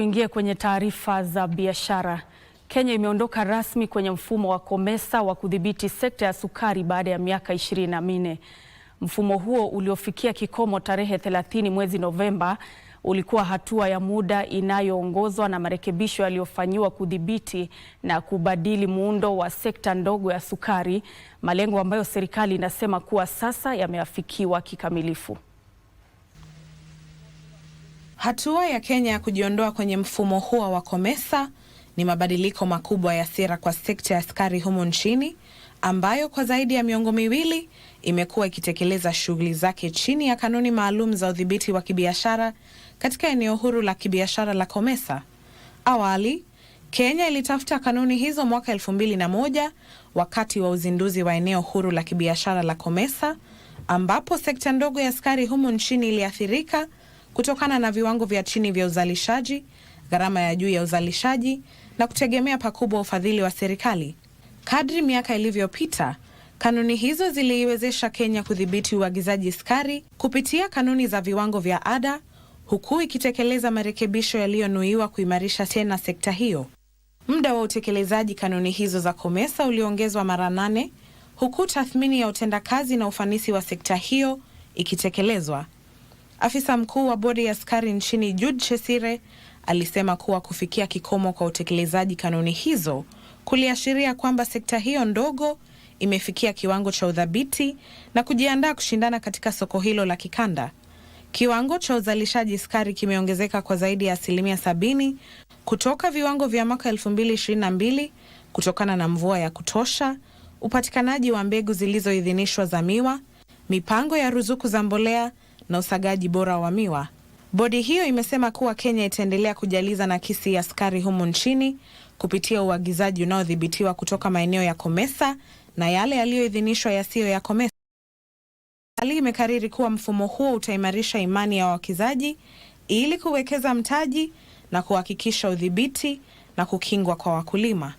Tuingie kwenye taarifa za biashara. Kenya imeondoka rasmi kwenye mfumo wa COMESA wa kudhibiti sekta ya sukari baada ya miaka ishirini na minne. Mfumo huo uliofikia kikomo tarehe 30 mwezi Novemba ulikuwa hatua ya muda inayoongozwa na marekebisho yaliyofanyiwa kudhibiti na kubadili muundo wa sekta ndogo ya sukari, malengo ambayo serikali inasema kuwa sasa yameafikiwa kikamilifu. Hatua ya Kenya ya kujiondoa kwenye mfumo huo wa COMESA ni mabadiliko makubwa ya sera kwa sekta ya askari humo nchini ambayo kwa zaidi ya miongo miwili imekuwa ikitekeleza shughuli zake chini ya kanuni maalum za udhibiti wa kibiashara katika eneo huru la kibiashara la COMESA. Awali, Kenya ilitafuta kanuni hizo mwaka moja wakati wa uzinduzi wa eneo huru la kibiashara la COMESA ambapo sekta ndogo ya askari humu nchini iliathirika kutokana na viwango vya chini vya uzalishaji, gharama ya juu ya uzalishaji na kutegemea pakubwa ufadhili wa serikali. Kadri miaka ilivyopita, kanuni hizo ziliiwezesha Kenya kudhibiti uagizaji sukari kupitia kanuni za viwango vya ada, huku ikitekeleza marekebisho yaliyonuiwa kuimarisha tena sekta hiyo. Muda wa utekelezaji kanuni hizo za COMESA uliongezwa mara nane, huku tathmini ya utendakazi na ufanisi wa sekta hiyo ikitekelezwa. Afisa mkuu wa bodi ya askari nchini Jude Chesire alisema kuwa kufikia kikomo kwa utekelezaji kanuni hizo kuliashiria kwamba sekta hiyo ndogo imefikia kiwango cha udhabiti na kujiandaa kushindana katika soko hilo la kikanda. Kiwango cha uzalishaji sukari kimeongezeka kwa zaidi ya asilimia sabini kutoka viwango vya mwaka 2022 kutokana na mvua ya kutosha, upatikanaji wa mbegu zilizoidhinishwa za miwa, mipango ya ruzuku za mbolea na usagaji bora wa miwa. Bodi hiyo imesema kuwa Kenya itaendelea kujaliza nakisi ya sukari humu nchini kupitia uagizaji unaodhibitiwa kutoka maeneo ya COMESA na yale yaliyoidhinishwa yasiyo ya COMESA. Hali imekariri kuwa mfumo huo utaimarisha imani ya wawekezaji ili kuwekeza mtaji na kuhakikisha udhibiti na kukingwa kwa wakulima.